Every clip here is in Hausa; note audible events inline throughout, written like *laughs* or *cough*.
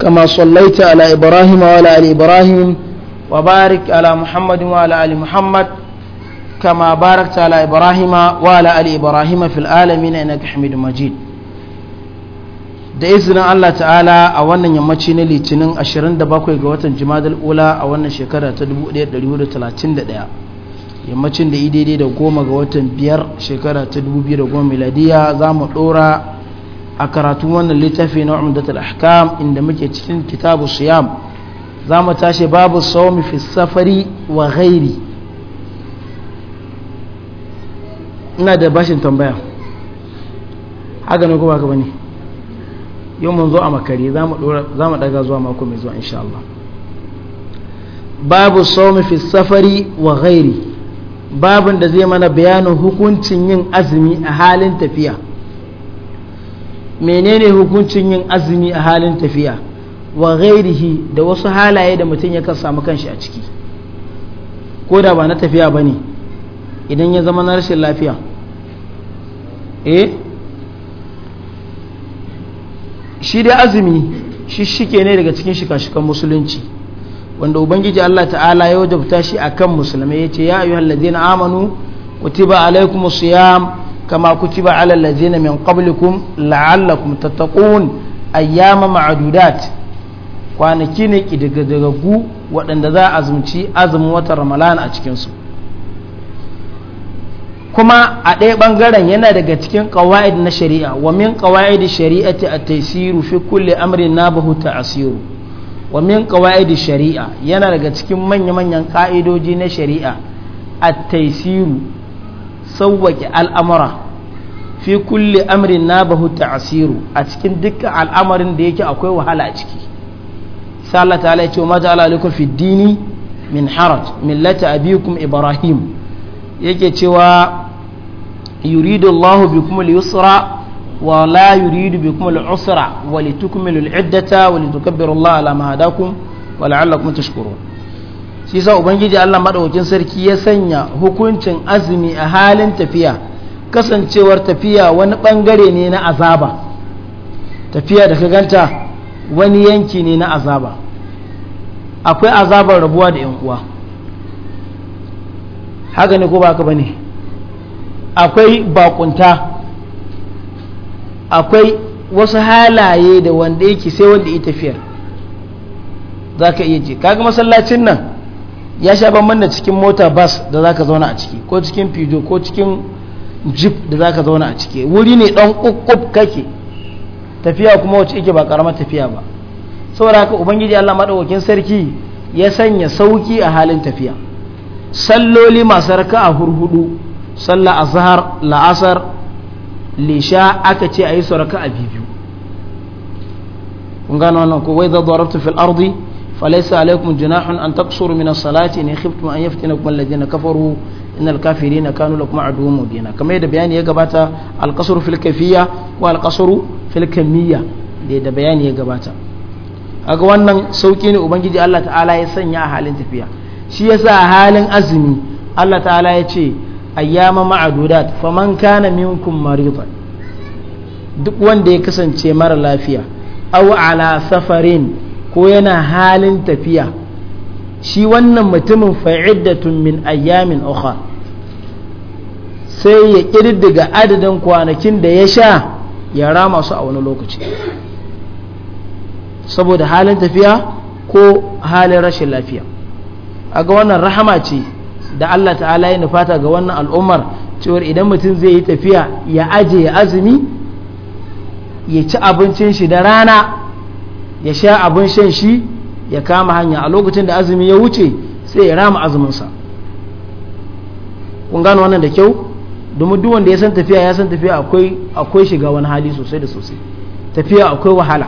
كما صليت على إبراهيم وعلى آل إبراهيم وبارك على محمد وعلى آل محمد كما باركت على إبراهيم وعلى آل إبراهيم في العالمين إنك حميد مجيد da izinin Allah ta'ala a wannan yammaci na litinin 27 ga watan jimadar ula a wannan shekara ta 1131 yammacin da idai da goma ga watan biyar shekara ta 2010 miladiya za mu dora a karatun wannan littafi na umdatul ahkam inda muke cikin kitabu siyam za mu tashi babu sawmi fi safari wa ghairi ina da bashin tambaya haka ne kuma ka bane yau mun zo a makare za mu daga zuwa mako mai zuwa insha Allah babu sawmi fi safari wa ghairi babin da zai mana bayanin hukuncin yin azumi a halin tafiya menene hukuncin yin azumi a halin tafiya wa gairihi da wasu halaye da mutum ya samu kanshi a ciki ko da ba na tafiya ba ne idan ya zama na rashin lafiya eh shi dai azumi shi shike ne daga cikin shika-shikan musulunci wanda ubangiji Allah ta'ala ya wajabta shi akan musulmai ya ce ya ayyuhallazina amanu kutiba alaikumus siyam كما كتب على الذين من قبلكم لعلكم تتقون أيام معدودات kwanaki ne ƙididdigaggu waɗanda za a azumci azumin watan ramalana a cikinsu kuma a ɗaya ɓangaren yana daga cikin ƙawa'id na shari'a wa min ƙawa'id shari'ati a taisiru fi kulle amrin na bahu asiru wa min ƙawa'id shari'a yana daga cikin manya-manyan ƙa'idoji na shari'a a taisiru sauwake al'amura fi kulli amrin na bahu ta'asiru a cikin dukkan al'amarin da yake akwai wahala a ciki sai Allah ta'ala ya ce ma alaikum fi dini min haraj millata abikum ibrahim yake cewa yuridu Allahu bikum al-yusra wa la yuridu bikum al-usra wa litukmilu al-iddata wa litukabbiru Allah ala ma hadakum wa la'allakum tashkurun shi sa ubangiji Allah maɗaukin sarki ya sanya hukuncin azumi a halin tafiya kasancewar tafiya wani bangare ne na azaba tafiya da ka ganta wani yanki ne na azaba akwai azabar rabuwa da 'yan uwa haka ne ko ba ka bane akwai bakunta akwai wasu halaye da wanda yake sai wanda ya tafiyar za ka iya ji kaga masallacin nan ya sha banban da cikin mota bus da zaka zauna a ciki ko cikin fido ko cikin jeep da zaka zauna a ciki wuri ne dan kukkub kake tafiya kuma wacce yake ba karamar tafiya ba saboda haka ubangiji Allah madaukakin sarki ya sanya sauki a halin tafiya salloli masu raka a hurhudu sallah azhar la'asar lisha aka ce ayi su a biyu kun gano wannan ko wai da fil ardi فليس عليكم جناح أن تقصروا من الصلاة إن خفتم أن يفتنكم الذين كفروا إن الكافرين كانوا لكم عدو مبينا كما يدى بيان يقبات القصر في الكفية والقصر في الكمية يدى بيان يقبات أقوانا سوكين أبنجد الله تعالى يسنع أهل انتفيا شيسا أهل أزمي الله تعالى يتي أيام معدودات فمن كان منكم مريضا duk wanda ya kasance mara lafiya au ala safarin ko yana halin tafiya shi wannan mutumin fa'iddatun min ayyamin ukhra sai ya ƙirdiga adadin kwanakin da ya sha ya rama su a wani lokaci saboda halin tafiya ko halin rashin lafiya a ga wannan rahama ce da Allah ta'ala ya nufata ga wannan al'ummar cewar idan mutum zai yi tafiya ya aje ya azumi ya ci abincin shi da rana ya sha abin shan shi ya kama hanya a lokacin da azumi ya wuce sai ya rama sa kun gano wannan da kyau domin duk wanda ya san tafiya ya san tafiya akwai akwai shiga wani hali sosai da sosai tafiya akwai wahala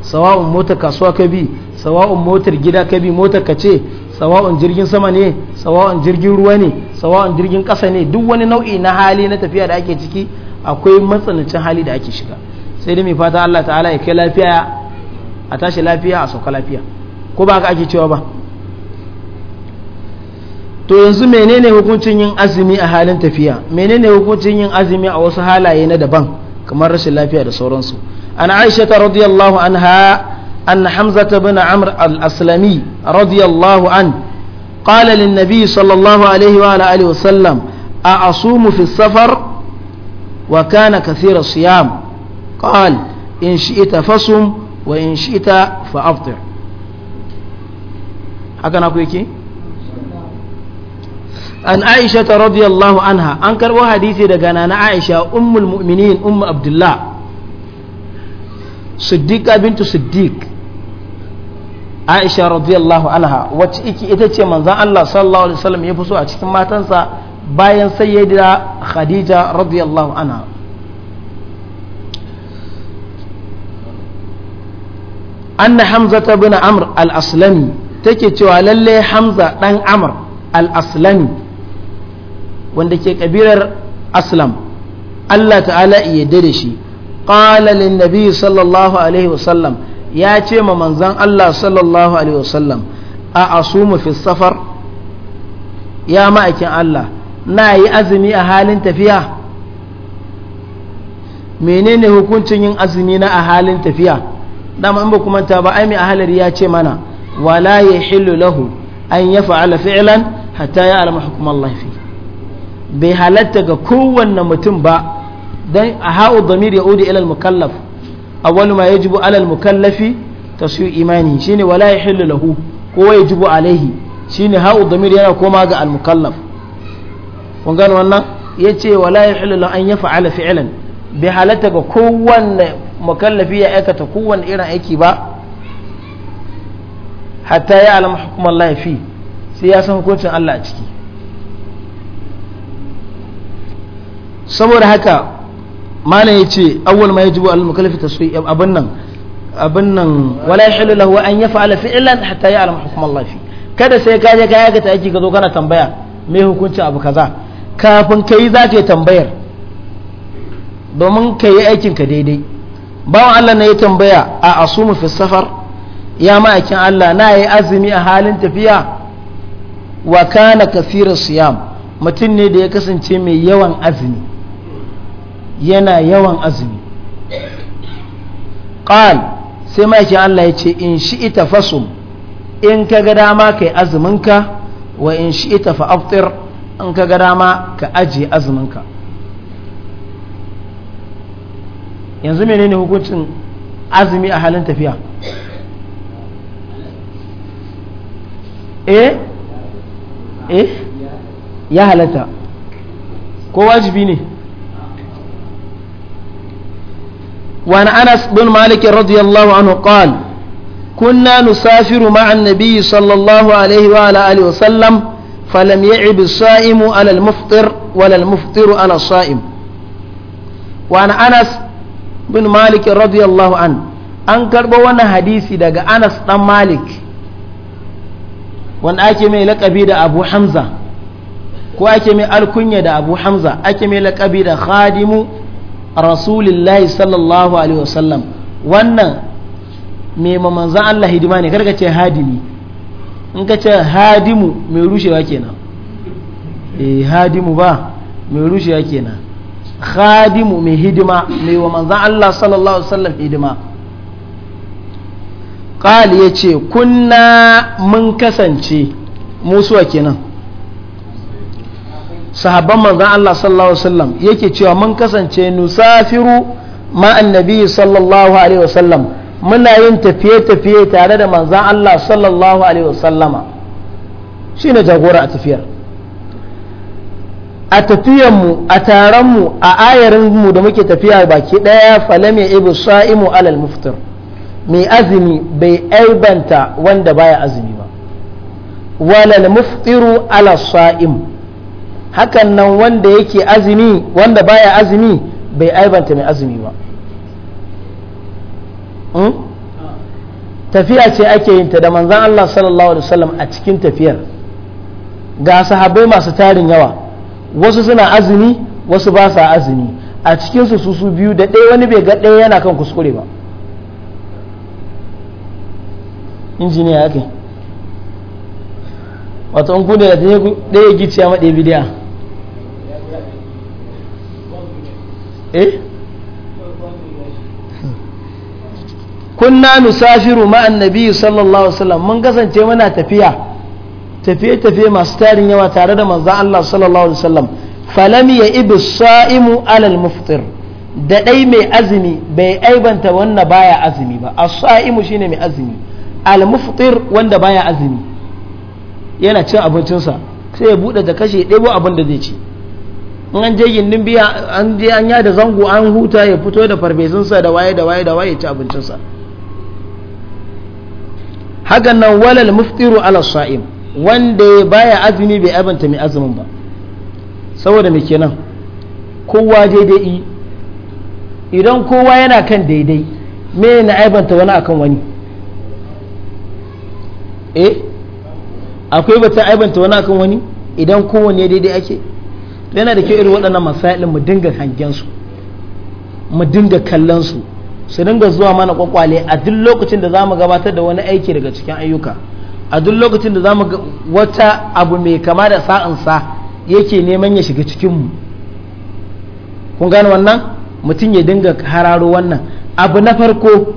sawa'un motar kasuwa ka bi sawa'un motar gida ka bi motar ka ce sawa'un jirgin sama ne sawa'un jirgin ruwa ne sawa'un jirgin ƙasa ne duk wani nau'i na hali na tafiya da ake ciki akwai matsanancin hali da ake shiga sai dai mai fata Allah ta'ala ya kai lafiya a tashi lafiya a sauka lafiya ko ba ka ake cewa ba to yanzu menene hukuncin yin azumi a halin tafiya menene hukuncin yin azumi a wasu halaye na daban kamar rashin lafiya da sauransu an aisha ta radiyallahu anha أن حمزة بن عمرو الأسلمي رضي الله عنه sallallahu alaihi wa الله عليه وعلى آله وسلم أأصوم في السفر وكان كثير الصيام قال إن شئت wa in shi'ta fa aftir haka na ku yake an aisha ta radiyallahu anha an karbo hadisi daga nana aisha ummul mu'minin ummu abdullah siddiqa bintu siddiq aisha radiyallahu anha wacce ita ce manzan Allah sallallahu alaihi wasallam ya fi so a cikin matansa bayan sayyida khadija radiyallahu anha anna hamzata bin amr al-aslami take cewa lallai hamza ɗan amr al-aslami wanda ke kabilar aslam Allah ta'ala iya da shi qala lin nabi sallallahu alaihi wasallam ya ce ma manzan Allah sallallahu alaihi wasallam a asumu fi safar ya ma'aikin Allah na yi azumi a halin tafiya menene hukuncin yin azumi na a halin tafiya dama in ba kuma ta ba ai mai ahalar ya ce mana wala ya hillu lahu an ya fa'ala fi'lan hatta ya alama Allah fi bai halatta ga kowanne mutum ba dan a ha'u damir ya udi ilal mukallaf awwalu ma yajibu alal mukallafi tasyu imani shine wala ya hillu lahu ko yajibu alaihi shine ha'u damir yana koma ga al mukallaf kun gano wannan yace wala ya hillu an ya fa'ala fi'lan bai halatta ga kowanne mukallafi ya aikata kowane irin aiki ba hatta ya alama hukumar laifi sai ya san hukuncin Allah a ciki saboda haka malam ya ce awwal ma yajibu al mukallafi su abin nan abin nan wala yahlu lahu an yaf'ala fi'lan hatta ya alama hukumar laifi kada sai ka je ka aikata aiki ka zo kana tambaya me hukuncin abu kaza kafin kai za ka yi tambayar domin ka yi aikinka daidai bawan Allah na ya tambaya a asumu fi safar ya ma'aikin Allah na yi azumi a halin tafiya wa kana kafirar siyam mutum ne da ya kasance mai yawan azumi yana yawan azumi qal sai ma'aikin Allah ya ce in shi ita fasum in ka ga dama yi azuminka wa in shi ita fa'aftir in ka ga dama ka ajiye azuminka yanzu menene hukuncin azumi a halin tafiya eh eh ya halatta ko wajibi ne وعن أنس بن مالك رضي الله عنه قال كنا نسافر مع النبي صلى الله عليه وعلى آله وسلم فلم يعب الصائم على المفطر ولا المفطر على الصائم وعن أنس bin malik radiyallahu an an karɓo wani hadisi daga anas dan malik wanda ake mai laƙabi da abu hamza ko ake mai alkunya da abu hamza ake mai laƙabi da khadimu Rasulullahi sallallahu alaihi wasallam wannan mai mamanzan Allah hidima ne karka ce hadimi in ka ce hadimu mai rushewa kenan eh hadimu ba mai rushewa kenan khadimu mai hidima mai wa manzan Allah sallallahu alaihi wasallam hidima yace kunna mun kasance musuwa kenan sahabban manzan Allah sallallahu alaihi wasallam yake cewa mun kasance nusafiru ma annabi sallallahu alaihi wasallam muna yin tafiye-tafiye tare da manzan Allah sallallahu alaihi wasallama shine jagora a tafiyar a tafiyanmu a taronmu a ayarinmu da muke tafiya baki ɗaya falam ya ibu sa'imu alal muftir mai azumi bai aibanta wanda baya azumi ba walal muftiru ala sa'im hakan nan wanda yake azumi wanda baya azumi bai aibanta mai azumi ba hmm? tafiya ce ake yinta da manzan Allah sallallahu alaihi wasallam a cikin tafiyar ga sahabbai masu tarin yawa wasu suna azumi wasu ba sa azumi a cikinsu su su biyu da ɗaya wani bai ga ɗaya yana kan kuskure ba injiniya ake Wata wato an kune da ta ɗaya ya maɗe bidiya eh kunna nusafiru ma'an nabi sallallahu alaihi wasallam mun kasance muna tafiya tafiye-tafiye masu tarin yawa tare da manzan Allah sallallahu alaihi wasallam falami ya ibi sa'imu alal muftir da ɗai mai azumi bai aibanta wanda baya azumi ba a sa'imu ne mai azumi al muftir wanda baya azumi yana cin abincinsa sai ya buɗe da kashe ɗebo abin da zai ci in an je gindin biya an je an yada zango an huta ya fito da farfesunsa da waye da waye da waye ci abincinsa hakan nan walal muftiru ala sa'im wanda baya azumi bai abanta mai azumin ba saboda mai kenan kowa daidai idan kowa yana kan daidai me na aibanta wani akan wani eh akwai batun aibanta wani akan wani idan kowanne daidai ake yana da kyau irin waɗannan masailin mu dinga hangen su mu dinga kallon su su dinga zuwa mana kwakwale a duk lokacin da za mu gabatar da wani aiki daga cikin ayyuka a duk lokacin da za mu wata abu mai kama da sa'ansa yake neman ya shiga cikinmu kun gani wannan mutum ya dinga hararo wannan abu na farko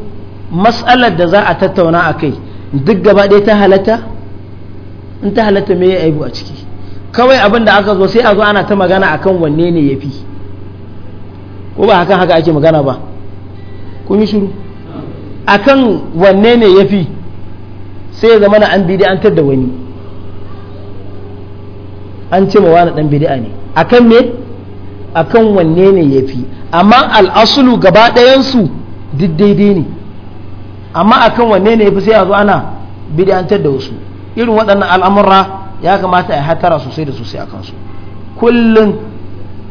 matsalar da za a tattauna a kai duk gaba ɗaya ta halatta in ta halatta me ya aibu a ciki kawai abin da aka zo sai a zo ana ta magana akan wanne ne ya fi ko ba hakan haka ake magana ba kun yi shiru akan wanne ne ya fi sai ya zama na an bid'antar da wani an ce ma wani dan bid'a ne akan me akan wanne ne yafi amma al'asulu gaba ɗayan su duk daidai ne amma akan wanne ne yafi sai a zo ana bid'antar da wasu irin waɗannan al'amura ya kamata a hatara sosai da sosai akan su kullum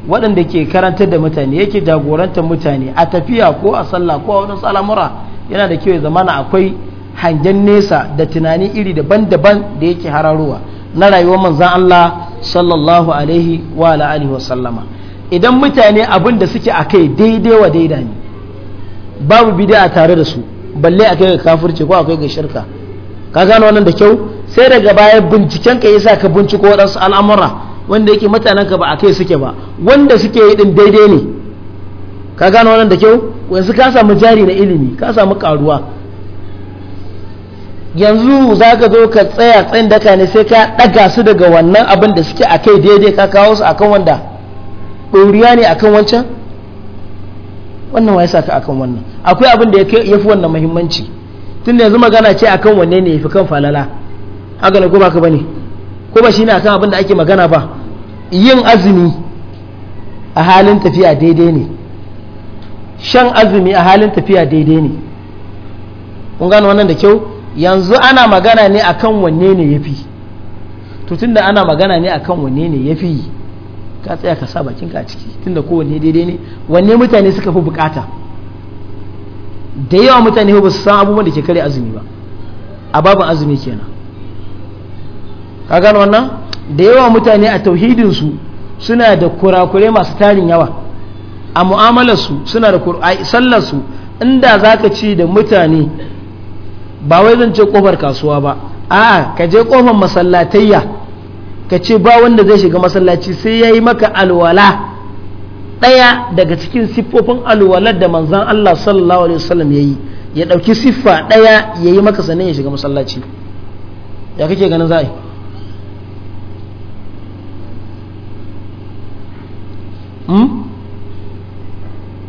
waɗanda ke karantar da mutane yake jagorantar mutane a tafiya ko a sallah ko a wani al'amura yana da kyau ya zamana akwai hangen nesa da tunani iri daban-daban da yake hararowa na rayuwar manzan Allah sallallahu alaihi wa alihi wa sallama idan mutane abin da suke a kai daidai wa daida ne babu bid'a tare da su balle a kai ga kafirci ko akai ga shirka ka gano wannan da kyau sai daga baya binciken ka yasa ka binciko waɗansu al'amura wanda yake mutanen ka ba a kai suke ba wanda suke yi din daidai ne ka gano wannan da kyau yanzu ka samu jari na ilimi ka samu karuwa yanzu za ka zo ka tsaya tsayin daka ne sai ka ɗaga su daga wannan abin da suke a kai daidai ka kawo su akan wanda ɗoriya ne akan wancan wannan waye saka akan wannan akwai abin da ya fi wannan muhimmanci tun da yanzu magana ce akan wanne ne ya fi kan falala haka ne ko ba ka bane ko ba shine akan abin da ake magana ba yin azumi a halin tafiya daidai ne shan azumi a halin tafiya daidai ne kun gano wannan da kyau yanzu ana magana ne akan wanne ne yafi to tunda ana magana ne akan wanne ne yafi ka tsaya ka sa bakinka a ciki tunda kowanne daidai ne wanne mutane suka fi bukata da yawa mutane ba su san abubuwan da ke kare azumi ba a babin azumi kenan ka gano wannan da yawa mutane a tauhidinsu suna da kurakure masu tarin yawa a mu'amalarsu suna da sallarsu inda za ka ci da mutane ba wai zan ce kofar kasuwa ba a'a ka je kofar masallatayya ka ce ba wanda zai shiga masallaci sai ya yi maka alwala ɗaya daga cikin siffofin alwalar da manzan Allah sallallahu alaihi wasallam ya yi ya ɗauki siffa ɗaya ya yi maka sannan ya shiga masallaci ya kake ganin za'a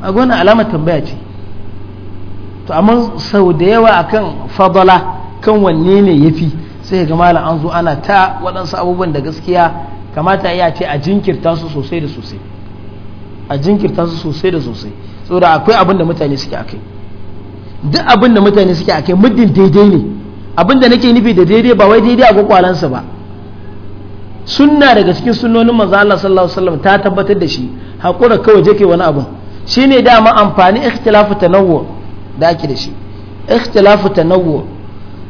a gwana hmm? alamar tambaya ce to amma sau da yawa akan fadala kan wanne ne yafi sai ga malam an zo ana ta waɗansu abubuwan da gaskiya kamata iya ce a jinkirta su sosai da sosai a jinkirta su sosai da sosai saboda akwai abin da mutane suke akai duk abin da mutane suke akai muddin daidai ne abin da nake nufi da daidai ba wai daidai a kwakwalansa ba sunna daga cikin sunnonin manzo Allah sallallahu alaihi wasallam ta tabbatar da shi hakura kawai jake wani abu shine dama amfani ikhtilafu tanawwu da da shi ikhtilafu tanawwu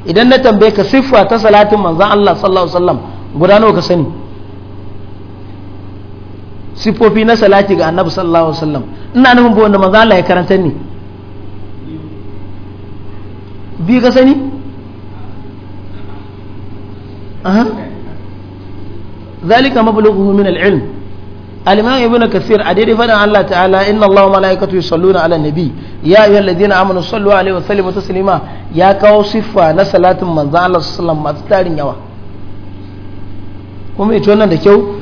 idan na tambaye ka siffa ta salatin manzon Allah sallallahu alaihi wasallam guda nawa ka sani siffofi na salati ga annabi sallallahu alaihi wasallam ina nufin ba wanda manzon Allah ya karanta ni bi ka sani aha zalika mablughu min al-ilm al-imam ibn a daidai fadan Allah ta'ala inna Allah malaikatu yusalluna ala nabi ya sallu alaihi wa ya kawo siffa na salatin manzon Allah tarin yawa kuma ita da kyau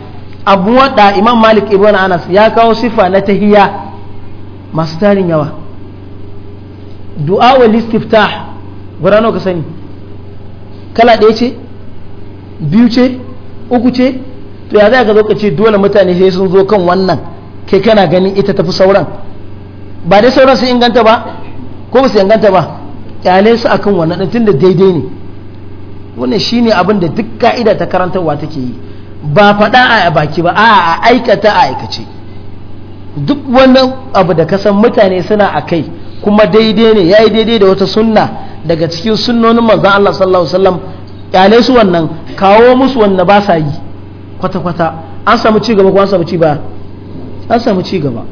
abu wadda imam malik ibn anas ya kawo siffa na tahiya masu tarin yawa du'a kala ɗaya ce biyu ce uku ce to ya zai ka zo ka ce dole mutane sai sun zo kan wannan kai kana ganin ita tafi sauran ba dai sauran sun inganta ba ko ba su inganta ba kyale su akan wannan din tunda daidai ne wannan shine abin da duk ka'ida ta karantarwa take yi ba faɗa a baki ba a a aikata a aikace duk wani abu da ka san mutane suna a kai kuma daidai ne yayi daidai da wata sunna daga cikin sunnonin manzon Allah sallallahu alaihi wasallam kyale su wannan kawo musu wannan ba sa yi kwata-kwata an samu ci gaba ko an samu ci baya an samu ci gaba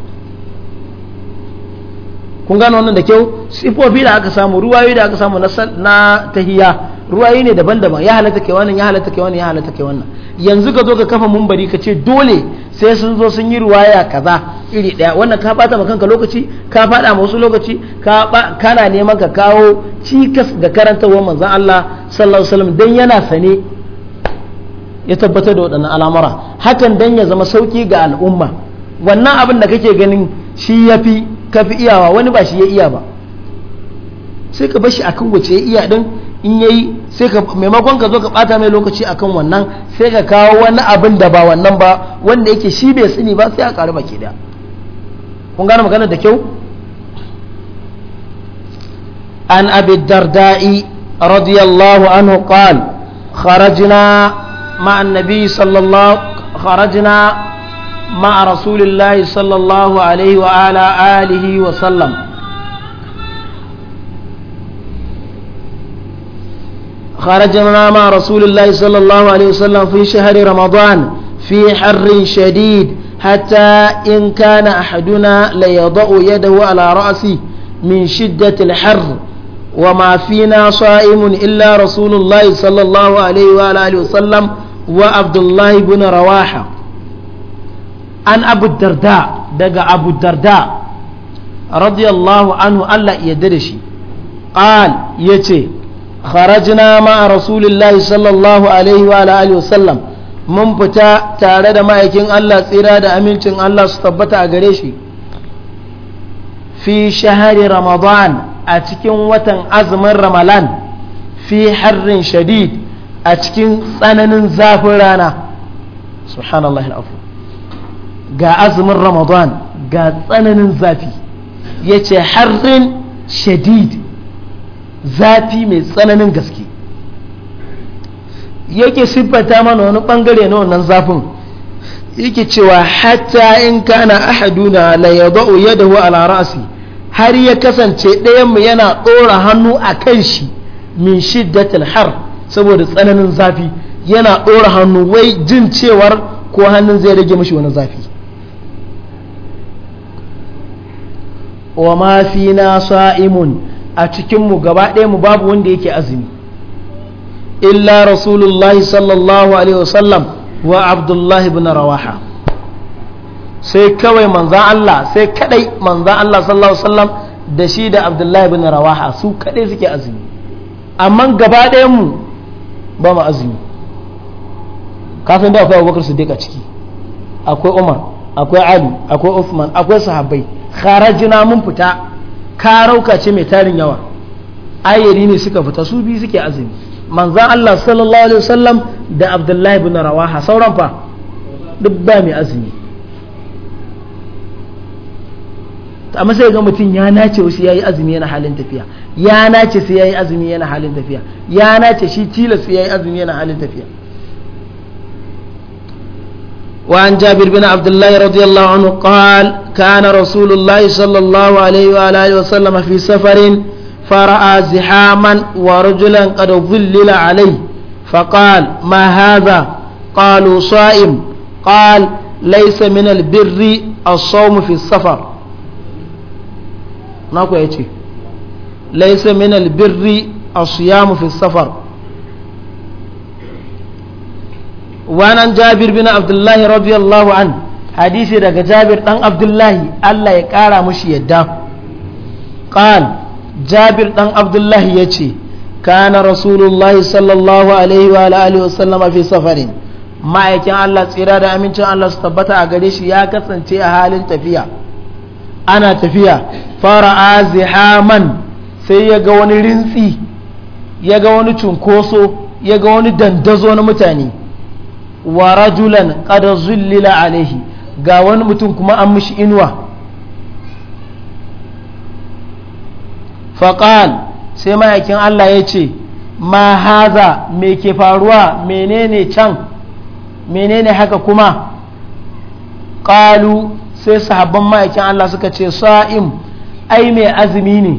kun gano wannan da kyau sifofi da aka samu ruwayoyi da aka samu na tahiya ruwayi ne daban-daban ya halatta kai wannan ya halatta kai wannan ya halatta kai wannan yanzu ka zo ka kafa mumbari ka ce dole sai sun zo sun yi ruwaya kaza iri daya wannan ka bata ma kanka lokaci ka fada ma wasu lokaci ka kana neman ka kawo cikas ga karantarwar manzon Allah sallallahu alaihi wasallam dan yana sane ya tabbatar da waɗannan al'amura hakan dan ya zama sauki ga al'umma wannan abin da kake ganin shi ya fi kafi iyawa wani ba shi ya iya ba sai ka bashi akan wace ya iya din in yayi sai ka maimakon ka zo ka bata mai lokaci akan wannan sai ka kawo wani abin da ba wannan ba wanda yake shi bai sani ba sai a karu baki da kun gane magana da kyau an abi darda'i radiyallahu anhu qal kharajna مع النبي صلى الله خرجنا مع رسول الله صلى الله عليه وعلى آله وسلم خرجنا مع رسول الله صلى الله عليه وسلم في شهر رمضان في حر شديد حتى إن كان أحدنا ليضع يده على رأسه من شدة الحر وما فينا صائم إلا رسول الله صلى الله عليه وآله وسلم وعبد الله بن رواحة عن أبو الدرداء دقى أبو الدرداء رضي الله عنه ألا يدرشي قال يتي خرجنا مع رسول الله صلى الله عليه وعلى آله وسلم mun fita tare da ma'aikin Allah tsira da amincin Allah su tabbata a gare shi fi shahari ramadan a cikin watan azumin ramalan fi harrin shadid a cikin tsananin zafin rana subhanallah al'afu ga azumin ramadan ga tsananin zafi ya ce harin shadid zafi mai tsananin gaske yake siffata mana wani bangare na wannan zafin yake cewa hatta in kana ahaduna la yadau yadahu ala ra'si har ya kasance ɗayan mu yana ɗora hannu a kan shi min shiddatil har saboda tsananin zafi yana ɗora hannu wai jin cewar ko hannun zai rage mashi wani zafi wa ma fi na sa'imun a cikinmu gaba ɗaya mu babu wanda yake azumi illa rasulullah sallallahu alaihi wasallam wa abdullahi bin rawaha sai kawai manzan Allah sai kadai manzan Allah sallallahu alaihi wasallam da shi da abdullahi bin rawaha su kadai suke azumi amma gaba mu ba ma azumi kafin da akwai abubakar su a ciki akwai umar akwai ali akwai usman akwai sahabbai kharajina mun fita karauka ce mai tarin yawa ayyari ne suka fita su biyu suke azumi manzan Allah sallallahu alaihi wasallam da Abdullahi ibn Rawaha sauran fa duk ba mai azumi amma sai ga mutum ya nace wasu yayi azumi yana halin tafiya ya nace sai yayi azumi yana halin tafiya ya nace shi tila su yayi azumi yana halin tafiya wa an jabir bin abdullahi radiyallahu anhu qal kana rasulullahi sallallahu alaihi fi safarin fara'a zihaman wa rajulan qad dhillila alayhi fa ma hadha qalu sa'im qal laysa birri as-sawm fi safar na ku yace laysa min albirri as-siyam fi safar Wanan jabir bin abdullahi radiyallahu an hadisi daga jabir dan abdullahi Allah ya kara mushi yadda qal jabir dan abdullahi yace kana rasulullahi sallallahu alaihi wa alihi wasallama fi safarin ma'aikin Allah tsira da amincin Allah su tabbata a gare shi ya kasance a halin tafiya ana tafiya fara azihaman sai ya ga wani rintsi ya ga wani cunkoso ya ga wani dandazo na mutane wa rajulan qad zullila alaihi ga wani mutum kuma an mishi inuwa faqal sai mayakin Allah ya ce ma haza me ke faruwa menene can menene haka kuma qalu sai sahabban ma'aikin Allah suka ce sa'im ai mai azumi ne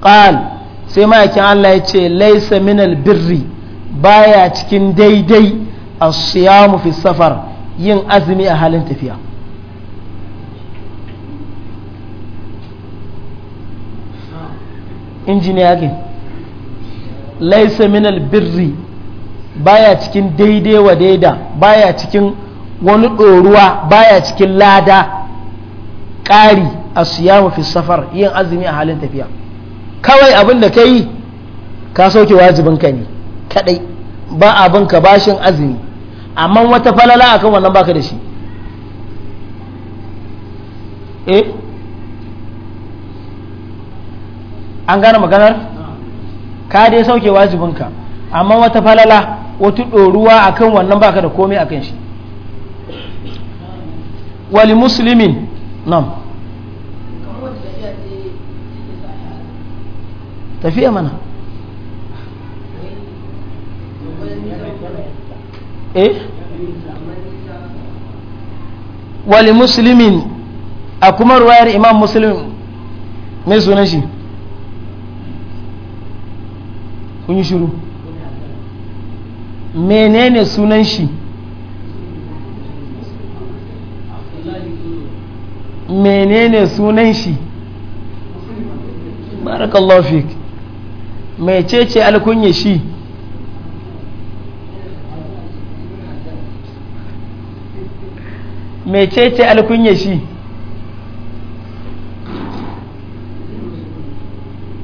qal sai ma'aikin Allah ya ce laisa minal birri baya cikin daidai as-siyamu fi safar yin azumi a halin tafiya injiniya ke laisa minal birri baya cikin daidai wa daida baya cikin wani ɗoruwa baya cikin lada ƙari a siya fi safar yin azumi a halin tafiya kawai abin da ka yi ka sauke wajibinka ne kadai ba abin ka bashin azumi amma wata falala akan wannan baka da shi eh an gane maganar ka dai sauke wajibinka amma wata falala wata ɗoruwa akan wannan baka da komai akan shi wali muslimin nam tafiya mana eh wali muslimin a kuma ruwayar imam muslim mai sunan shi kun yi shuru menene sunan shi menene sunan shi barakallahu fik mai cece alkunye shi mai cece alkunye shi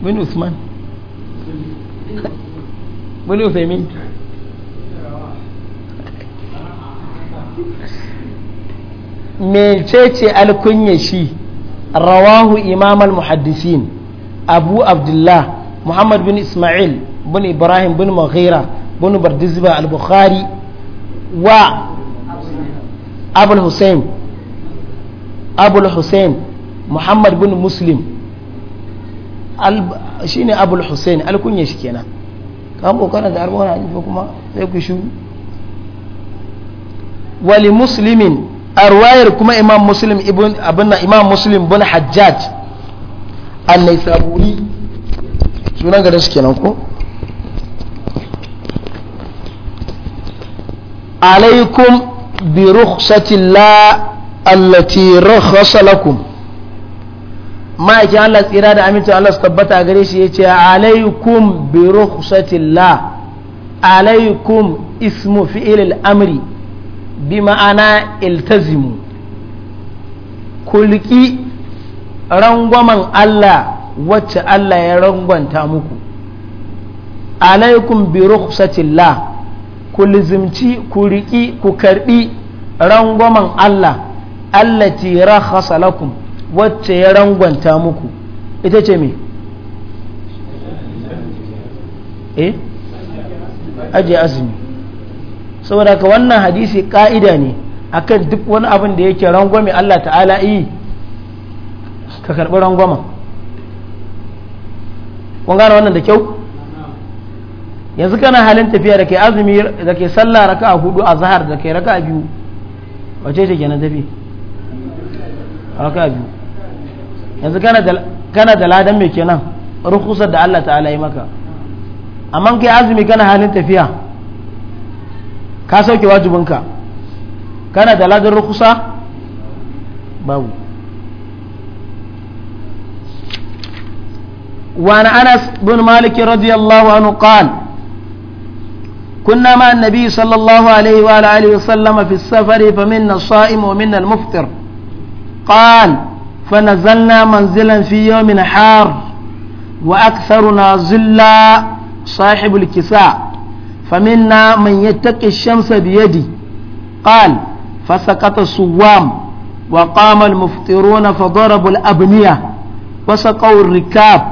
bin usman bin usaimin mecece alkunya shi rawahu imam al-muhaddisin abu abdullah muhammad bin ismail bin ibrahim bin maghira bin bardizba al-bukhari wa abul hussein abul hussein muhammad bin muslim shi ne abul hussein alkunya shi kenan kan kokarin da arba'una kuma sai ku shi wali muslimin arwayar kuma imam muslim ibn abinna imam muslim bin hajjaj annai saburi sunan garin su kenan ko alaikum bi rukhsatillah allati rakhasa lakum ma'aikin Allah tsira da aminta Allah su tabbata gare shi yace alaikum bi rukhsatillah alaikum ismu fi'il amri bi ma'ana iltazimu kulki rangwaman Allah wacce Allah ya rangwanta muku alaikum bi rukhsatillah ku lizimci ku riƙi ku karɓi rangwaman Allah allati rakhasa lakum wacce ya rangwanta muku ita ce me eh aje azumi saboda ka wannan hadisi ka'ida ne akan duk wani abin da yake rangwame Allah ta'ala yi ka karɓi rangwama kun gane wannan da kyau yanzu kana halin tafiya da ke azumi da ke sallah raka a hudu a zahar da ke raka a biyu wace ce kenan tafi raka a biyu yanzu kana da ladan mai kenan rukusar da Allah ta'ala yi maka amma kai azumi kana halin tafiya ka sauke wajibinka kana da ladar rukusa babu وعن أنس بن مالك رضي الله عنه قال كنا مع النبي صلى الله عليه وعلى آله وسلم في السفر فمنا الصائم ومنا المفطر قال فنزلنا منزلا في يوم حار وأكثرنا ظلا صاحب الكساء فمنا من يتقي الشمس بيدي قال فسقط الصوام وقام المفطرون فضربوا الأبنية وسقوا الركاب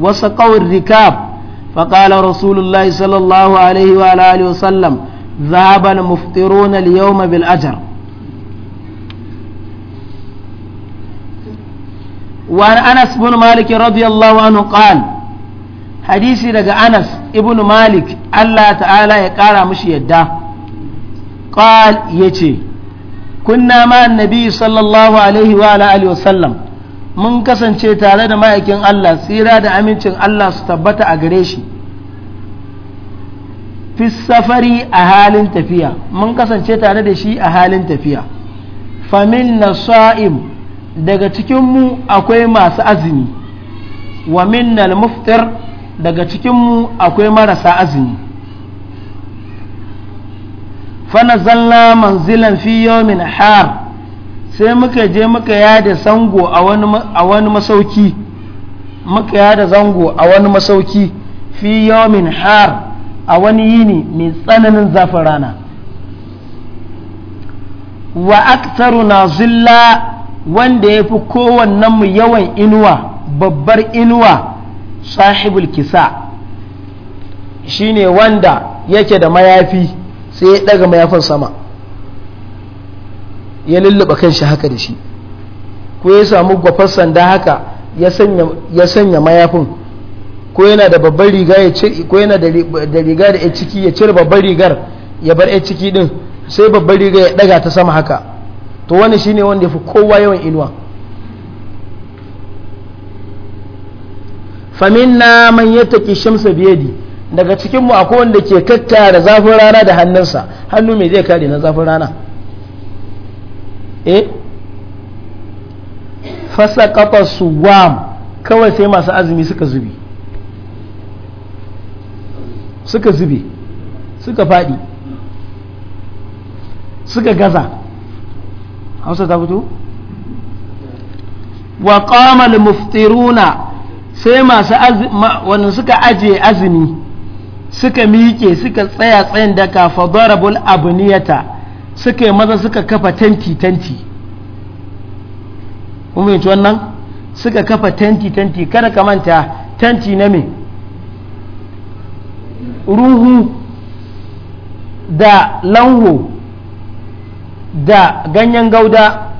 وسقوا الركاب فقال رسول الله صلى الله عليه وعلى آله وسلم ذهب المفطرون اليوم بالأجر وعن أنس بن مالك رضي الله عنه قال hadisi daga anas ibn malik allah ta'ala ya kara mishi yadda qal ya ce kunna ma annabi sallallahu alaihi wa alihi wasallam mun kasance tare da ma'aikin allah tsira da amincin allah su tabbata a gare shi fi safari a halin tafiya mun kasance tare da shi a halin tafiya famin na sa'im daga cikinmu akwai masu azumi wa minnal muftir daga cikinmu akwai marasa azumi fanazalla manzilan fi yawmin har sai muka je muka yada zango a wani masauki muka yada zango a wani masauki fi yawmin har a wani yini mai tsananin zafin rana wa aktaru na zilla wanda ya fi mu yawan inuwa babbar inuwa sahibul kisa shine wanda yake da mayafi sai ya daga mayafin sama ya lulluɓa kanshi haka da shi ko ya samu gwafar sanda haka ya sanya mayafin ko yana da babbar riga ya ce ko yana da riga da ya ciki ya cire babbar rigar ya bar yan ciki din sai babbar riga ya ɗaga ta sama haka to wani shine wanda ya fi kowa yawan inuwa faminna man yattaki shamsa biyadi daga cikin mu akwai wanda ke kakkare zafin rana da hannunsa hannu mai zai kare na zafin rana eh fasaqata suwam kawai sai masu azumi suka zubi suka zube suka faɗi suka gaza hausa ta fito wa qama al-muftiruna sai masu wani suka ajiye azumi suka miƙe suka tsaya tsayin daka fadarabul abniyata suka yi maza suka kafa tanti tanti kuma yanci wannan suka kafa tanti tanti kada ka manta tanti na me ruhu da lango da ganyen gauda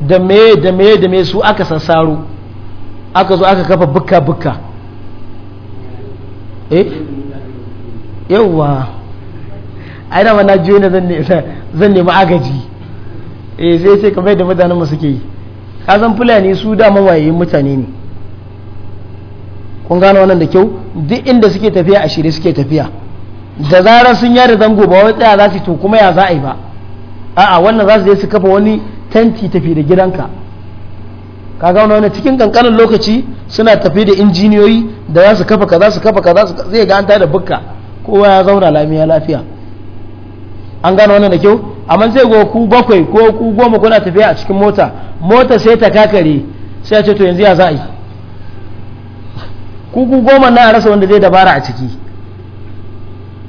da meye da meye da meye su aka sassaro aka zo aka kafa bukka-bukka eh yauwa ai yi na juyo ne zan nemi agaji eh sai ce kamar yadda mutanen mu suke yi zan fulani su dama waye mutane ne kun gano wannan da kyau duk inda suke tafiya a shirye suke tafiya da zarar sun yada zango ba wai tsaya za su to kuma ya za a yi ba a'a wannan za su je su kafa wani tanti tafi da gidanka ka ga wani cikin kankanin lokaci suna tafi da injiniyoyi da za su kafa kaza su kafa kaza su zai ga an tada bukka kowa ya zauna lamiya lafiya an gano wannan da kyau amma zai go ku bakwai ko ku goma kuna tafiya a cikin mota mota sai ta kakare sai ce to yanzu ya za a ku ku goma na rasa wanda zai dabara a ciki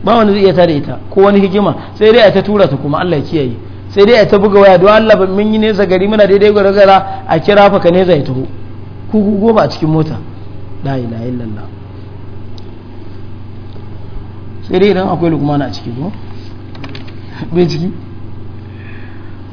ba wani zai iya tare ita ko wani hikima sai dai a ta tura ta kuma Allah ya kiyaye sai dai a ta buga waya don Allah min mun yi nesa gari muna daidai gara a kira faka ka nesa ya taho ku goma a cikin mota la ilaha illallah sai dai idan akwai lukmana a ciki ko *laughs* bai ciki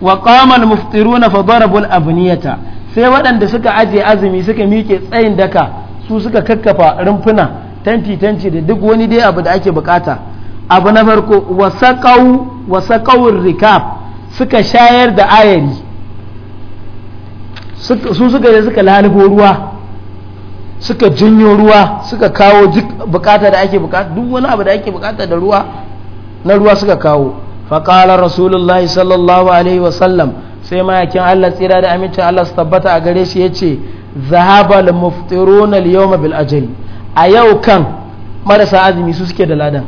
wa qama al-muftiruna fa darabu al-abniyata sai waɗanda suka aje azumi suka miƙe tsayin daka su suka kakkafa rumfuna tanti tanti da duk wani dai abu da ake bukata abu na farko wa saqaw wa rikab suka shayar da ayari su suka da suka lalubo ruwa suka jinyo ruwa suka kawo duk bukata da ake bukata duk wani abu da ake bukata da ruwa na ruwa suka kawo faƙalar rasulullahi sallallahu alaihi wasallam sai mayakin allah tsira da amincin allah su tabbata a gare shi ya ce zahaba da muftiruna liyoma bil ajali a yau kan marasa azumi su suke da ladan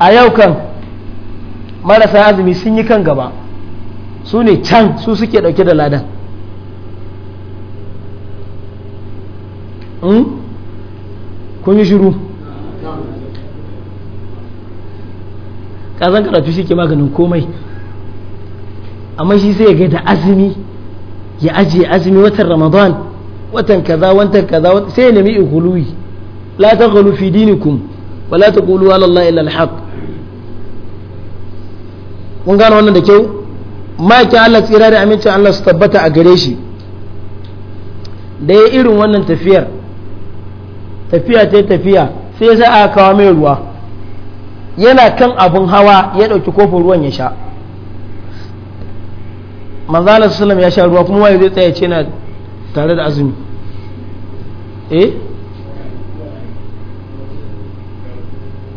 a yau kan marasa azumi sun yi kan gaba su ne can su suke dauke da ladan hmm? kun yi shiru ƙazan karatu shi ke maganin komai amma shi sai ya gaida da azumi ya ajiye azumi watan ramadan watan kaza watan kaza sai ya nemi ihuluwi la ta fi dinikum wa la ta wa lallai illa al mun gane wannan da kyau ma'aikin Allah tsira da amincin Allah su tabbata a gare shi da ya irin wannan tafiyar tafiya ta tafiya sai sai aka kawo mai ruwa yana kan abin hawa ya ɗauki kofin ruwan ya sha manzala sallam ya sha ruwa kuma waye zai tsaya ce na tare da azumi eh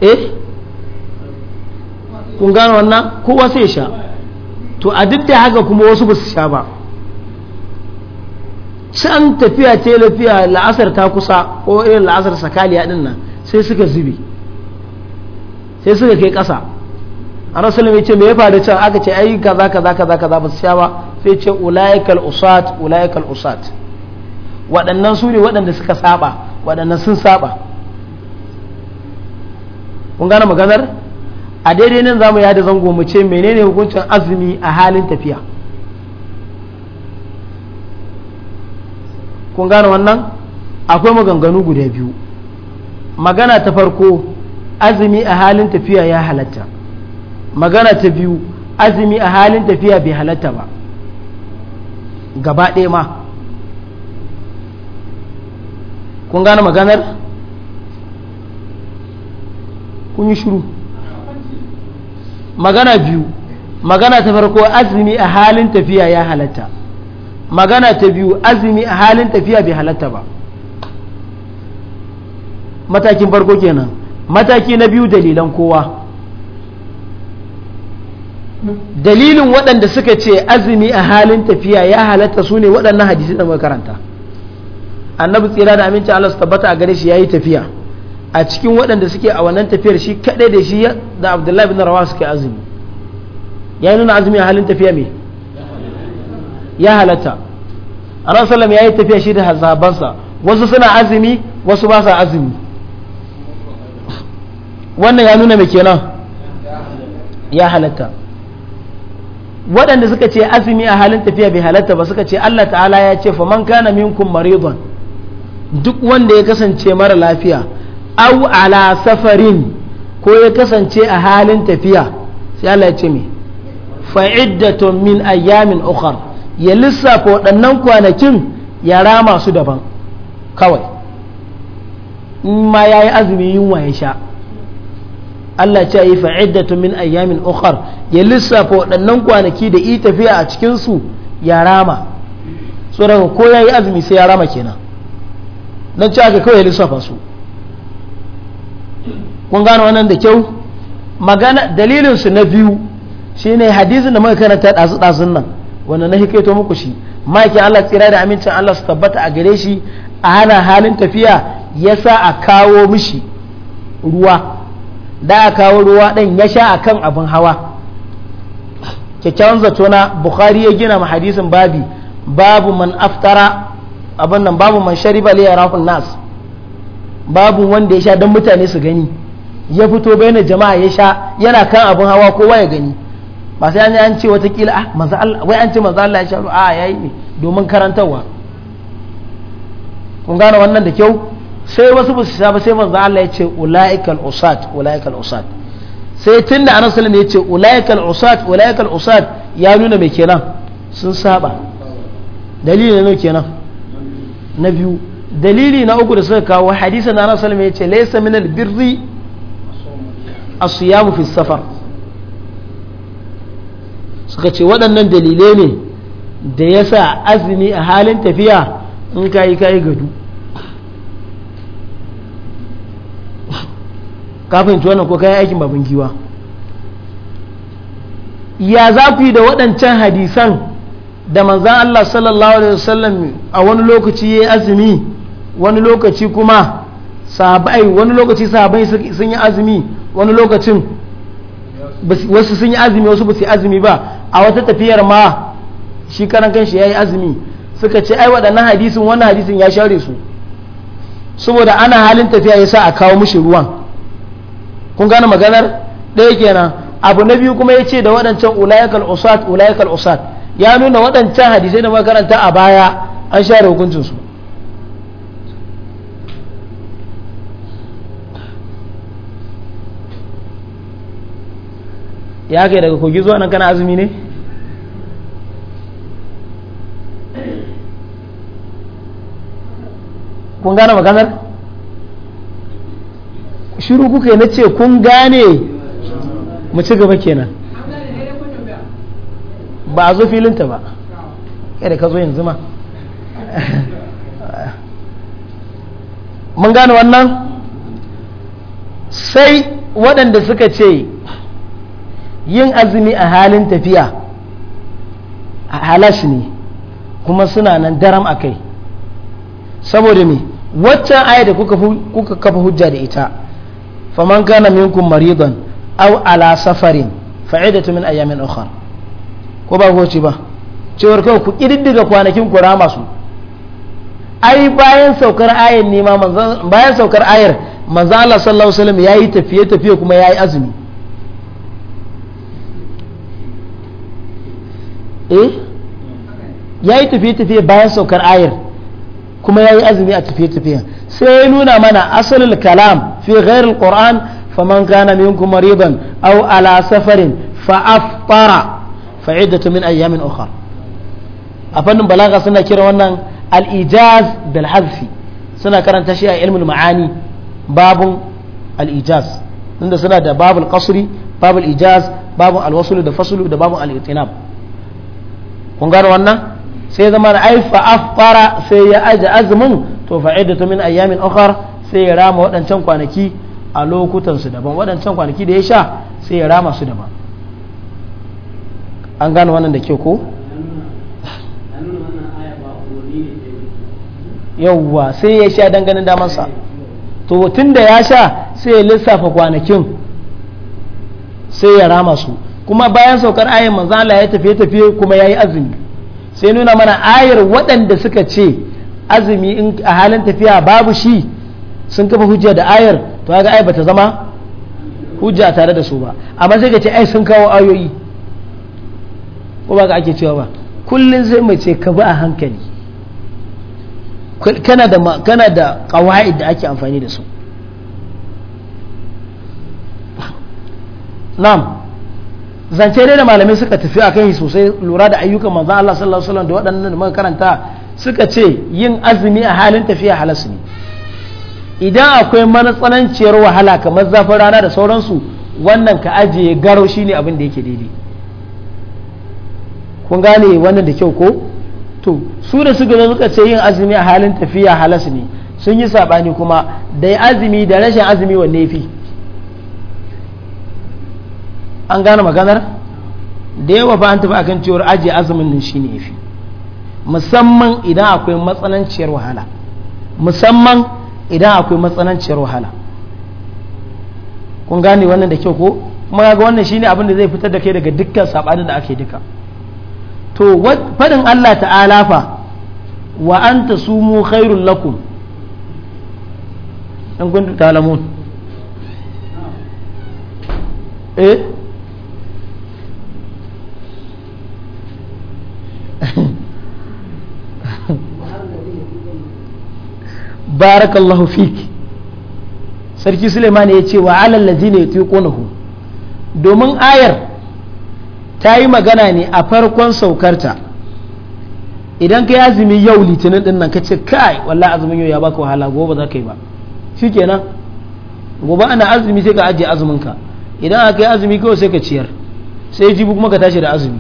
eh kun gane wannan kowa sai sha to a duk da haka kuma wasu ba su sha ba can tafiya ta lafiya la'asar ta kusa ko irin la'asar sakaliya din nan sai suka zubi sai suka kai ƙasa an rasulun mai ce me ya faru can aka ce ayi kaza kaza kaza kaza ba su sha ba sai ce ulaikal usat ulaikal usat waɗannan su ne waɗanda suka saba waɗannan sun saba kun gane maganar a daidai nan za mu yada zango mu ce menene hukuncin azumi a halin tafiya kun gane wannan akwai maganganu guda biyu magana ta farko azumi a halin tafiya ya halatta magana ta biyu azumi a halin tafiya bai halatta ba gaba ɗaya ma kun gane maganar kun yi shiru magana biyu magana ta farko azumi a halin tafiya ya halatta magana ta biyu azumi a halin tafiya bai halatta ba matakin farko kenan mataki na biyu dalilan kowa dalilin waɗanda suka ce azumi a halin tafiya ya halatta su ne waɗannan hadisi da makaranta annabi tsira da amince Allah su tabbata a gare shi ya yi tafiya a cikin waɗanda suke a wannan tafiyar shi kaɗai da shi da abdullahi bin rawa suke azumi ya nuna azumi a halin tafiya me ya halatta a sallam ya yi tafiya shi da hazabansa wasu suna azumi wasu ba sa azumi wannan ya nuna mai kenan ya halatta waɗanda suka ce azumi a halin tafiya bai halatta ba suka ce Allah ta'ala ya ce faman kana minkum maridon duk wanda ya kasance mara lafiya au ala safarin ko ya kasance a halin tafiya sai Allah ya ce me fa'iddatun min ayyamin ukhar ya lissafa waɗannan kwanakin ya rama su daban kawai in ma ya yi azumi yunwa ya sha Allah ce yi fa'iddatun min ayyamin ukhar ya lissafa waɗannan kwanaki da yi tafiya a cikinsu ya rama daga ko ya yi azumi sai ya rama kenan don ce aka kawai ya lissafa su kun gano wannan da kyau magana dalilin su na biyu shine hadisin da muka karanta su dazun nan wanda na hikaito muku shi maki Allah tsira da amincin Allah su tabbata a gare shi a hana halin tafiya yasa a kawo mishi ruwa da a kawo ruwa ɗin ya sha a kan abin hawa kyakkyawan zato na bukhari ya gina ma hadisin babi babu man aftara abin nan babu man shariba liya rafun nas babu wanda ya sha don mutane su gani ya fito bai na jama'a ya sha yana kan abin hawa kowa ya gani ba sai an ce watakila ah manzo Allah wai an ce manzo Allah ya sha a yayi ne domin karantarwa kun gane wannan da kyau sai wasu ba su sha ba sai manzo Allah ya ce ulaikal usat ulaikal usat sai tunda Anas sallallahu ya ce ulaikal usat ulaikal usat ya nuna mai kenan sun saba dalili ne kenan na biyu dalili na uku da suka kawo na Anas sallallahu ya ce laysa minal birri asiyamu fi safar suka ce waɗannan dalilai ne da ya sa azumi a halin tafiya in ka yi kayi gadu kafin ci wannan ko kayan aikin babin giwa ya za ku yi da waɗancan hadisan da manzan Allah sallallahu alaihi wasallam a wani lokaci ya yi azumi wani lokaci kuma sabai wani lokaci sabai sun yi azumi wani lokacin wasu sun yi azumi wasu ba su yi azumi ba a wata tafiyar ma shi karan kanshi ya yi azumi suka ce ai waɗannan hadisin wannan hadisin ya share su saboda ana halin tafiya ya sa a kawo mushi ruwan kun gane maganar ɗaya kenan abu na biyu kuma ya ce da waɗancan ulayakal usat ulayakal usat ya nuna waɗancan hadisai da makaranta a baya an share hukuncinsu ya kai daga kogi zuwa nan kana azumi ne kun gane maganar shiru kuka yi na ce kun gane mu ci gaba kenan ba a zo filinta ba kai da ka zo yanzu ma mun gane wannan sai waɗanda suka ce yin azumi a halin tafiya a halas ne kuma suna nan daram a kai saboda me waccan aya da kuka kafa hujja da ita faman kana minkum maridan aw ala safarin fa'idatu min ayamin ukhar ko ba goci ba cewar kai ku kididdiga kwanakin ku rama su ai bayan saukar ayar ne ma bayan saukar ayar manzo Allah sallallahu alaihi wasallam yayi tafiye tafiye kuma yayi azumi eh ya yi tafiye-tafiye bayan saukar ayar kuma ya yi azumi a tafiye tafiye sai ya nuna mana asalin kalam fi ghairul qur'an faman kana minkum maridan aw ala safarin fa aftara fa iddatu min ayyamin ukhra a fannin balaga suna kira wannan al-ijaz bil hazfi suna karanta shi a ilmul ma'ani babun al-ijaz inda suna da babul qasri babul ijaz babun al-wasl da faslu da babun al-itinab kun gano wannan sai zama da ai fa afqara sai ya aji azumin to fa iddatu min ayyamin ukhra sai ya rama waɗancan kwanaki a lokutan su daban waɗancan kwanaki da ya sha sai ya rama su daban an gano wannan da ke ko yawwa sai ya sha danganin damansa to tun da ya sha sai ya lissafa kwanakin sai ya rama su kuma bayan saukar ayin manzo Allah ya tafiye tafiye kuma ya yi azumi sai nuna mana ayar waɗanda suka ce azumi in a halin tafiya babu shi sun kafa hujja da ayar to kaga ai bata zama hujja tare da su ba amma sai ka ce ai sun kawo ayoyi ko ba ka ake cewa ba kullun sai mace ce ka bi a hankali kana da kana da qawaid ake amfani da su na'am zance dai da malamai suka tafi a kai sosai lura da ayyukan manzan Allah sallallahu alaihi wasallam da waɗannan da muka karanta suka ce yin azumi a halin tafiya halasu ne idan akwai manatsananciyar wahala kamar zafin rana da sauransu wannan ka ajiye garo shine abin da yake daidai kun gane wannan da kyau ko to su da suka zo suka ce yin azumi a halin tafiya halasu ne sun yi sabani kuma da azumi da rashin azumi wanne fi an gane maganar da yawa ba an tafi akan cewar ajiye azumin nan shine yafi musamman idan akwai matsananciyar wahala musamman idan akwai matsananciyar wahala kun gane wannan da kyau ko kuma ga wannan shine abin da zai fitar da kai daga dukkan sabanin da ake duka to fadin Allah ta'ala fa wa anta sumu khairul lakum in kuntum ta'lamun eh *laughs* barakallahu fiki sarki suleiman ya ce wa alal ladina yutiqunahu domin ayar ta yi magana ne a farkon saukarta idan ka azumi yau litinin din nan ka ce kai wallahi azumin yau ya baka wahala gobe za ka yi ba shikenan gobe ana azumi sai ka ajiye azumin ka idan aka yi azumi kawai sai ka ciyar sai jibi kuma ka tashi da azumi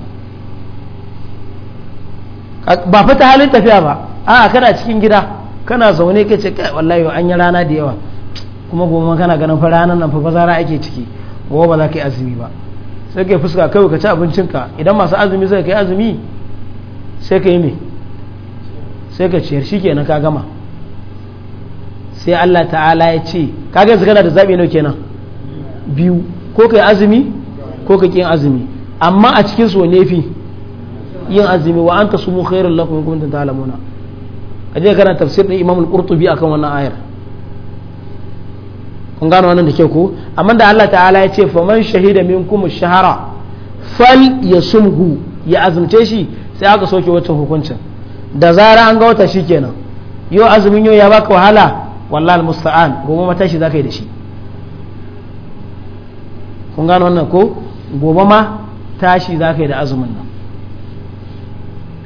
ba fa ta halin tafiya ba a kana cikin gida kana zaune ka ce kai wallahi an yi rana da yawa kuma goma kana ganin fa ranar nan fa bazara ake ciki gobe ba za ka yi azumi ba sai ka fuska kai ka ci abincin ka idan masu azumi sai ka yi azumi sai ka yi me sai ka ciyar shi kenan ka gama sai Allah ta'ala ya ce kaga yanzu kana da zaɓi nau kenan biyu ko ka yi azumi ko ka kin azumi amma a cikin su ne fi yin azumi wa anta sumu khairul lakum in kuntum ta'lamuna aje kana tafsir din Imam al-Qurtubi akan wannan ayar kun gano wannan da ke ku amma da Allah ta'ala ya ce faman shahida minkum ash-shahara fal yasumhu ya azumce shi sai aka soke wata hukuncin da zara an ga wata shikenan yau azumin yau ya baka wahala wallahi al-musta'an gobe ma tashi zaka yi da shi kun gano wannan ko gobe ma tashi zaka yi da azumin nan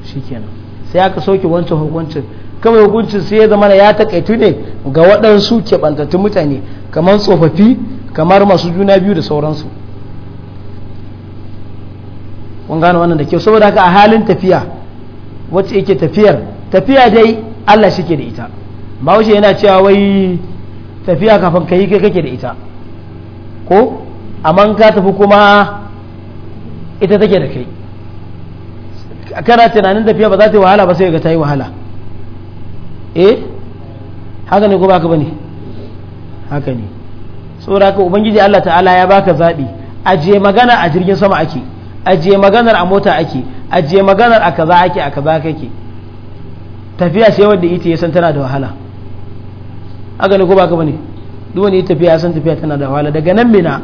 shikenan sai aka soke wancan hukuncin kamar hukuncin sai ya zama ya takaitu ne ga waɗansu keɓantattun mutane kamar tsofaffi kamar masu juna biyu da sauransu kun wannan da kyau saboda haka a halin tafiya wacce yake tafiyar tafiya dai Allah shi ke da ita wuce yana cewa wai tafiya kafin ka yi kai kake da ita ko amma ka tafi kuma ita take da kai kana tunanin tafiya ba za ta yi wahala ba sai ga ta yi wahala eh haka ne ko baka bane haka ne saboda ka ubangiji Allah ta'ala ya baka zabi aje magana a jirgin sama ake aje maganar a mota ake aje maganar a kaza ake a kaza kake tafiya sai wanda ita ya san tana da wahala haka ne ko baka bane duk wanda ya tafiya ya san tafiya tana da wahala daga nan mina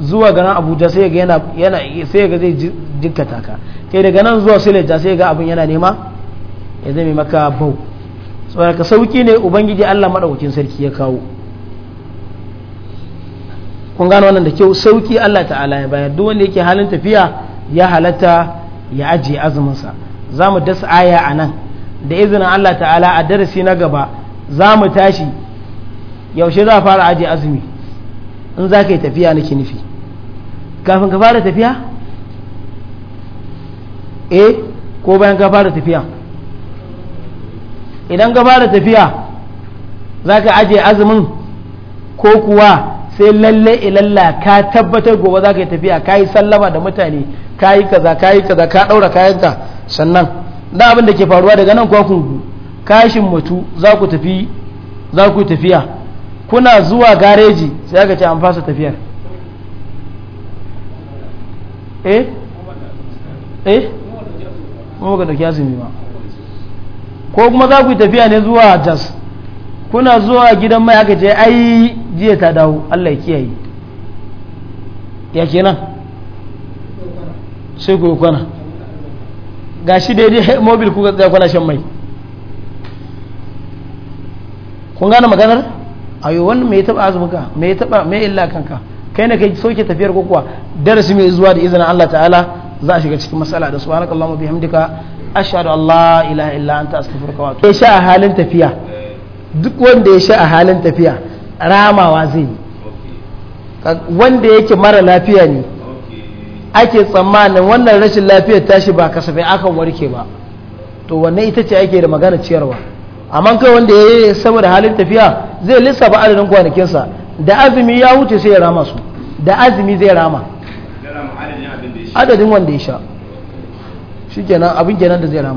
zuwa ganin abuja sai ga yana sai ga zai jikkata ka kai daga nan zuwa suleja sai ga abin yana nema ya zame maka bau da ka sauki ne ubangiji Allah maɗaukin sarki ya kawo kun gano wannan da kyau sauki Allah ta'ala ya bayar duk wanda yake halin tafiya ya halatta ya ajiye azuminsa za mu dasa aya a nan da izinin Allah ta'ala a darasi na gaba za mu tashi yaushe za a fara ajiye azumi in za ka yi tafiya nake nufi kafin ka fara tafiya eh ko bayan ka fara tafiya idan ka fara tafiya za ka ajiye azumin ko kuwa sai lalle ilalla ka tabbatar gobe za ka yi tafiya ka yi sallama da mutane ka yi kaza ka yi kaza ka ɗaura kayanka sannan da abin da ke faruwa daga nan kuwa kun kashin mutu za ku tafi za ku tafiya kuna zuwa gareji sai aka ce an fasa tafiyar eh eh kuma baka dauki azumi ba ko kuma za ku yi tafiya ne zuwa jas kuna zuwa gidan mai aka ce ai jiya ta dawo Allah ya kiyaye ya ke nan sai ku kwana gashi daidai *laughs* mobil kuka tsaya kwana shan mai kun gane maganar ayo wani me ya taba azumin ka me ya taba me illa kanka kai ne kai soke tafiyar ko kuwa darasi mai zuwa da izinin Allah ta'ala za a shiga cikin matsala da subhanakallahumma bihamdika ashhadu an la ilaha illa anta astaghfiruka wa atubu ya sha a halin tafiya duk wanda ya sha a halin tafiya ramawa zai yi wanda yake mara lafiya ne ake tsammanin wannan rashin lafiyar tashi ba kasafai akan warke ba to wannan ita ce ake da magana ciyarwa amma kai wanda ya yi saboda halin tafiya zai lissafa adadin kwanakinsa da azumi ya wuce sai ya rama su da azumi zai rama adadin wanda ya sha shi kenan abin kenan da zai rama